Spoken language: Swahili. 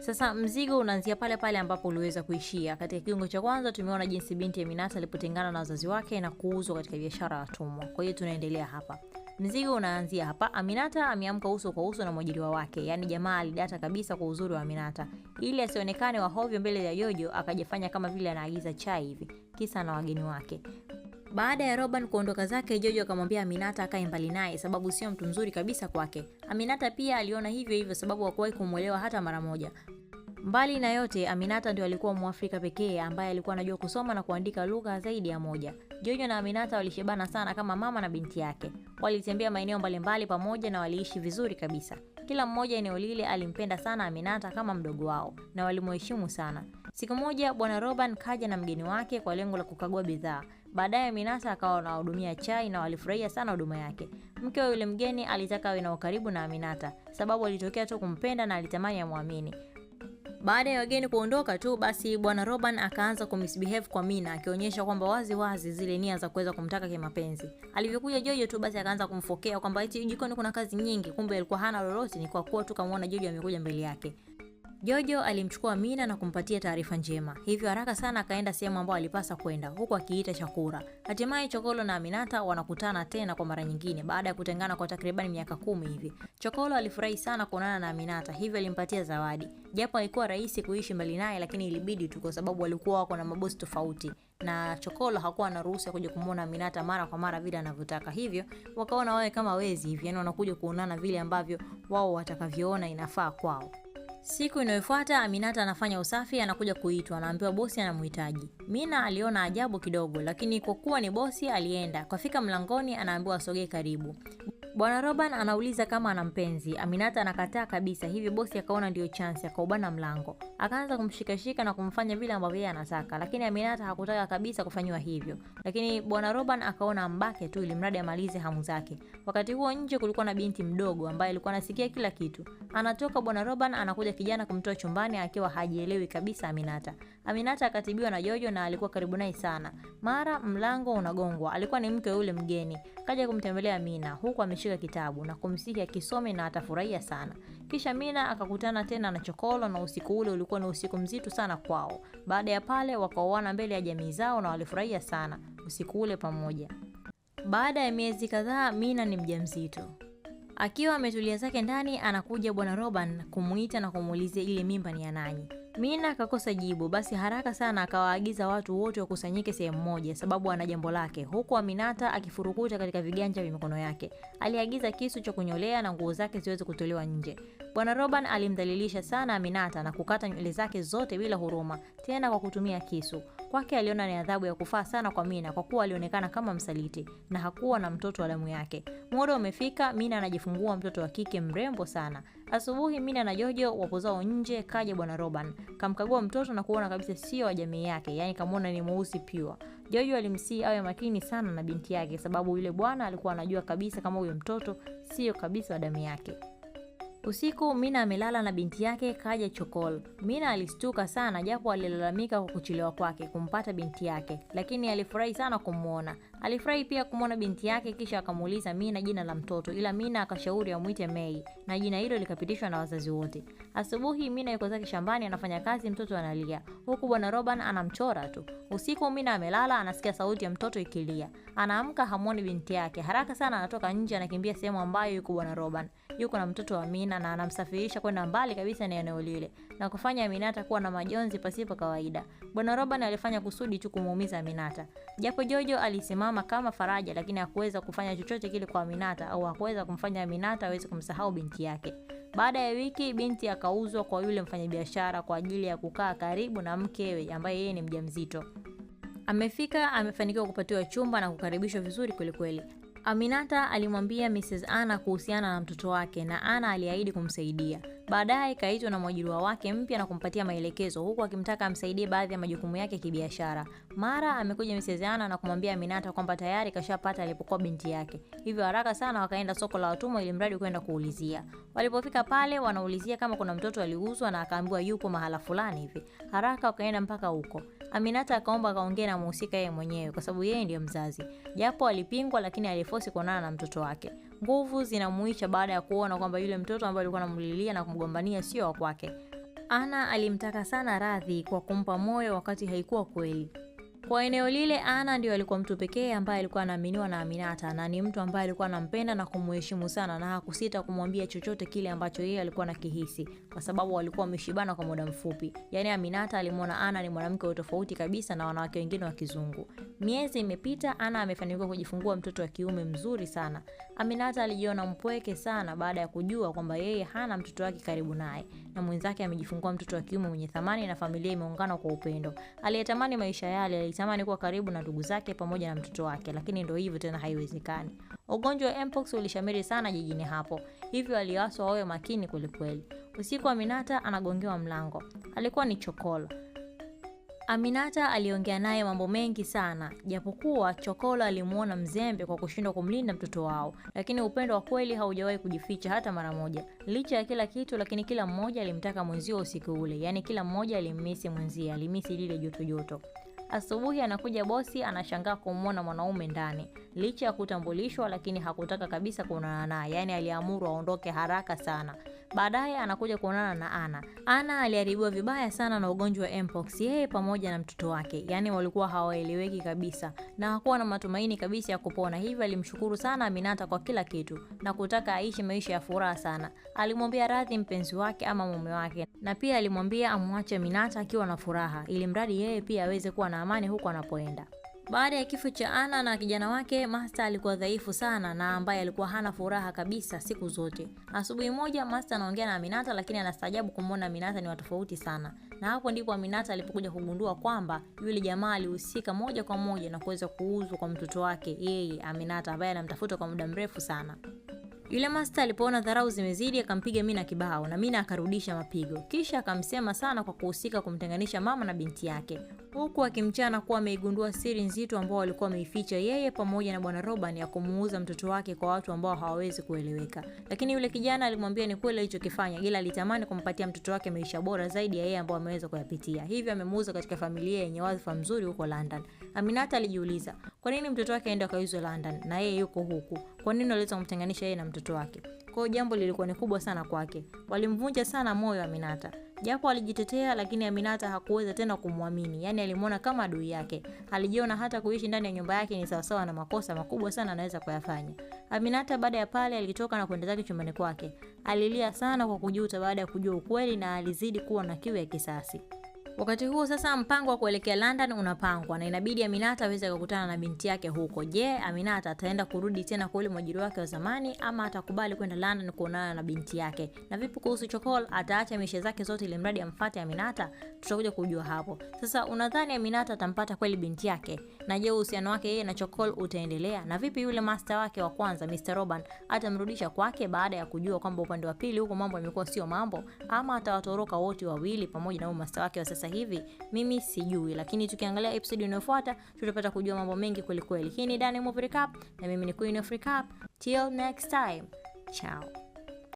Sasa mzigo unaanzia pale pale ambapo uliweza kuishia. Katika kiungo cha kwanza tumeona jinsi binti Aminata alipotengana na wazazi wake na kuuzwa katika biashara ya watumwa. Kwa hiyo tunaendelea hapa. Mzigo unaanzia hapa. Aminata ameamka uso kwa uso na mwajiriwa wake, yaani jamaa alidata kabisa kwa uzuri wa Aminata ili asionekane wahovyo mbele ya Jojo. Akajifanya kama vile anaagiza chai hivi, kisa na wageni wake. Baada ya Roban kuondoka zake, Jojo akamwambia Aminata akae mbali naye, sababu sio mtu mzuri kabisa kwake. Aminata pia aliona hivyo hivyo, sababu hakuwahi kumwelewa hata mara moja. Mbali na yote, Aminata ndio alikuwa Mwafrika pekee ambaye alikuwa anajua kusoma na kuandika lugha zaidi ya moja. Jojo na Aminata walishebana sana kama mama na binti yake. Walitembea maeneo mbalimbali pamoja na waliishi vizuri kabisa. Kila mmoja eneo lile alimpenda sana Aminata kama mdogo wao na walimheshimu sana. Siku moja bwana Roban kaja na mgeni wake kwa lengo la kukagua bidhaa. Baadaye Minasa akawa anawahudumia chai na walifurahia sana huduma yake. Mke wa yule mgeni alitaka awe na ukaribu na Aminata, sababu alitokea tu kumpenda na alitamani amwamini. Baada ya wageni kuondoka tu basi, bwana Roban akaanza kumisbehave kwa Mina, akionyesha kwamba wazi wazi zile nia za kuweza kumtaka kimapenzi. Alivyokuja Jojo tu basi akaanza kumfokea kwamba eti jikoni kuna kazi nyingi, kumbe alikuwa hana lolote, ni kwa kuwa tu kamwona Jojo amekuja mbele yake. Jojo alimchukua Mina na kumpatia taarifa njema, hivyo haraka sana akaenda sehemu ambayo alipasa kwenda, huku akiita chakura. Hatimaye Chokolo na Aminata wanakutana tena kwa mara nyingine baada ya kutengana kwa takribani miaka kumi hivi. Chokolo alifurahi sana kuonana na Aminata, hivyo alimpatia zawadi, japo haikuwa rahisi kuishi mbali naye, lakini ilibidi tu, kwa sababu walikuwa wako na mabosi tofauti na Chokolo hakuwa na ruhusa kuja kumwona Aminata mara kwa mara vile anavyotaka, hivyo wakaona wawe kama wezi hivi, yani wanakuja kuonana vile ambavyo wao watakavyoona inafaa kwao. Siku inayofuata Aminata anafanya usafi, anakuja kuitwa, anaambiwa bosi anamhitaji. Mina aliona ajabu kidogo, lakini kwa kuwa ni bosi alienda. Kafika mlangoni, anaambiwa asogee karibu. Bwana Roban anauliza kama ana mpenzi. Aminata anakataa kabisa, hivyo bosi akaona ndiyo chansi, akaubana mlango, akaanza kumshikashika na kumfanya vile ambavyo yeye anataka, lakini Aminata hakutaka kabisa kufanyiwa hivyo, lakini Bwana Roban akaona ambake tu, ili mradi amalize hamu zake. Wakati huo nje kulikuwa na binti mdogo ambaye alikuwa anasikia kila kitu. Anatoka Bwana Roban, anakuja kijana kumtoa chumbani akiwa hajielewi kabisa Aminata. Aminata akatibiwa na Jojo na alikuwa karibu naye sana. Mara mlango unagongwa, alikuwa ni mke yule mgeni, kaja kumtembelea Amina huku ameshika kushika kitabu na kumsihi akisome na atafurahia sana. Kisha Mina akakutana tena na Chokolo na usiku ule ulikuwa ni usiku mzito sana kwao. Baada ya pale wakaoana mbele ya jamii zao na walifurahia sana usiku ule pamoja. Baada ya miezi kadhaa, Mina ni mjamzito. Akiwa ametulia zake ndani, anakuja bwana Roban kumuita na kumuulizia ile mimba ni ya nani. Mina akakosa jibu, basi haraka sana akawaagiza watu wote wakusanyike sehemu moja, sababu ana jambo lake, huku Aminata akifurukuta katika viganja vya mikono yake. Aliagiza kisu cha kunyolea na nguo zake ziweze kutolewa nje. Bwana Roban alimdhalilisha sana Aminata na kukata nywele zake zote bila huruma, tena kwa kutumia kisu. Kwake aliona ni adhabu ya kufaa sana kwa Mina kwa kuwa alionekana kama msaliti na hakuwa na mtoto wa damu yake. Muda umefika, Mina anajifungua mtoto wa kike mrembo sana. Asubuhi Mina na Jojo wapo zao nje, kaja bwana Roban kamkagua mtoto na kuona kabisa sio wa jamii yake, yaani kamwona ni mweusi pure. Jojo alimsii awe makini sana na binti yake, sababu yule bwana alikuwa anajua kabisa kama huyo mtoto sio kabisa wa damu yake. Usiku Mina amelala na binti yake Kaja Chokol. Mina alistuka sana japo alilalamika kwa kuchelewa kwake kumpata binti yake, lakini alifurahi sana kumwona. Alifurahi pia kumwona binti yake, kisha akamuuliza Mina jina la mtoto, ila Mina akashauri amwite Mei na jina hilo likapitishwa na wazazi wote. Asubuhi Mina yuko zake shambani anafanya kazi, mtoto analia huku bwana Roban anamchora tu. Usiku Mina amelala, anasikia sauti ya mtoto ikilia. Anaamka hamwoni binti yake, haraka sana anatoka nje, anakimbia sehemu ambayo yuko bwana Roban, yuko na mtoto wa Mina tena na anamsafirisha kwenda mbali kabisa na eneo lile na kufanya Aminata kuwa na majonzi pasipo kawaida. Bwana Robani alifanya kusudi tu kumuumiza Aminata, japo Jojo alisimama kama faraja, lakini hakuweza kufanya chochote kile kwa Aminata au hakuweza kumfanya Aminata aweze kumsahau binti yake. Baada ya wiki binti akauzwa kwa yule mfanyabiashara kwa ajili ya kukaa karibu na mkewe ambaye yeye ni mjamzito. Amefika, amefanikiwa kupatiwa chumba na kukaribishwa vizuri kwelikweli. Aminata alimwambia Mrs Anna kuhusiana na mtoto wake na Anna aliahidi kumsaidia. Baadaye kaitwa na mwajiriwa wake mpya na kumpatia maelekezo huku akimtaka amsaidie baadhi ya majukumu yake kibiashara. Mara amekuja Mrs Anna na kumwambia Aminata kwamba tayari kashapata alipokuwa binti yake, hivyo haraka sana wakaenda soko la watumwa ili mradi kwenda kuulizia. Walipofika pale, wanaulizia kama kuna mtoto aliuzwa na akaambiwa yupo mahala fulani hivi. Haraka wakaenda mpaka huko. Aminata akaomba akaongea na mhusika yeye mwenyewe kwa sababu yeye ndiyo mzazi. Japo alipingwa lakini alifosi kuonana na mtoto wake. Nguvu zinamuisha baada ya kuona kwamba yule mtoto ambaye alikuwa anamlilia na kumgombania sio wa kwake. Ana alimtaka sana radhi kwa kumpa moyo wakati haikuwa kweli. Kwa eneo lile Ana ndio alikuwa mtu pekee ambaye alikuwa anaaminiwa na Aminata na ni mtu ambaye alikuwa anampenda na kumuheshimu sana na hakusita kumwambia chochote kile ambacho yeye alikuwa nakihisi kwa sababu walikuwa wameshibana kwa muda mfupi. Yaani Aminata alimwona Ana ni mwanamke tofauti kabisa na wanawake wengine wa kizungu. Miezi imepita, Ana amefanikiwa kujifungua mtoto wa kiume mzuri sana. Aminata alijiona mpweke sana baada ya kujua kwamba yeye hana mtoto wake karibu naye na mwenzake amejifungua mtoto wa kiume mwenye thamani na familia imeungana kwa upendo. Aliyetamani maisha yale alitamani kuwa karibu na ndugu zake pamoja na mtoto wake, lakini ndio hivyo tena, haiwezekani. Ugonjwa wa mpox ulishamiri sana jijini hapo, hivyo aliwaswa wawe makini kwelikweli. Usiku Aminata anagongewa mlango, alikuwa ni Chokolo. Aminata aliongea naye mambo mengi sana, japokuwa Chokolo alimuona mzembe kwa kushindwa kumlinda mtoto wao, lakini upendo wa kweli haujawahi kujificha hata mara moja. Licha ya kila kitu, lakini kila mmoja alimtaka mwenzio usiku ule, yaani kila mmoja alimmisi mwenzie, alimisi lile joto joto. Asubuhi anakuja bosi, anashangaa kumwona mwanaume ndani, licha ya kutambulishwa, lakini hakutaka kabisa kuonana naye, yaani aliamuru aondoke haraka sana. Baadaye anakuja kuonana na Ana. Ana aliharibiwa vibaya sana na ugonjwa wa mpox, yeye pamoja na mtoto wake, yaani walikuwa hawaeleweki kabisa na hakuwa na matumaini kabisa ya kupona, hivyo alimshukuru sana Aminata kwa kila kitu na kutaka aishi maisha ya furaha sana. Alimwambia radhi mpenzi wake ama mume wake, na pia alimwambia amwache Aminata akiwa na furaha, ili mradi yeye pia aweze kuwa na amani huko anapoenda. Baada ya kifo cha Ana na kijana wake, Masta alikuwa dhaifu sana na ambaye alikuwa hana furaha kabisa siku zote. Asubuhi moja, Masta anaongea na Aminata, lakini anastaajabu kumwona Aminata ni watofauti sana, na hapo ndipo Aminata alipokuja kugundua kwamba yule jamaa alihusika moja kwa moja na kuweza kuuzwa kwa mtoto wake yeye, Aminata ambaye anamtafuta kwa muda mrefu sana. Yule Masta alipoona dharau zimezidi akampiga Mina kibao na Mina akarudisha mapigo, kisha akamsema sana kwa kuhusika kumtenganisha mama na binti yake huku akimchana kuwa ameigundua siri nzito ambao walikuwa wameificha yeye pamoja na bwana Roban ya kumuuza mtoto wake kwa watu ambao hawawezi kueleweka. Lakini yule kijana alimwambia ni kweli alichokifanya, ila alitamani kumpatia mtoto wake maisha bora zaidi ya yeye ambao ameweza kuyapitia, hivyo amemuuza katika familia yenye wadhifa mzuri huko London. Aminata alijiuliza kwa nini mtoto wake aende akauzwe London na yeye yuko huku, kwa nini waliweza kumtenganisha yeye na mtoto wake? Kwa hiyo jambo lilikuwa ni kubwa sana kwake, walimvunja sana moyo Aminata. Japo alijitetea lakini Aminata hakuweza tena kumwamini, yaani alimwona kama adui yake. Alijiona hata kuishi ndani ya nyumba yake ni sawasawa na makosa makubwa sana anaweza kuyafanya. Aminata baada ya pale alitoka na kwenda zake chumbani kwake. Alilia sana kwa kujuta baada ya kujua ukweli na alizidi kuwa na kiu ya kisasi. Wakati huo sasa mpango wa kuelekea London unapangwa na inabidi Aminata aweze kukutana na binti yake huko. Je, Aminata ataenda kurudi tena kwa ule mwajiri wake wa zamani ama atakubali kwenda London kuonana na binti yake? Na vipi kuhusu Chokol, ataacha mishe zake zote ili mradi amfuate Aminata? Tutakuja kujua hapo. Sasa unadhani Aminata atampata kweli binti yake? Na je, uhusiano wake yeye na Chokol utaendelea? Na vipi yule master wake wa kwanza Mr. Roban atamrudisha kwake baada ya kujua kwamba upande wa pili huko mambo yamekuwa sio mambo ama atawatoroka wote wawili pamoja na huyo master wake wa sasa sasa hivi mimi sijui, lakini tukiangalia episode inayofuata tutapata kujua mambo mengi kweli kweli. Hii ni Dani Recap na mimi ni Queen of Recap. Till next time. Ciao.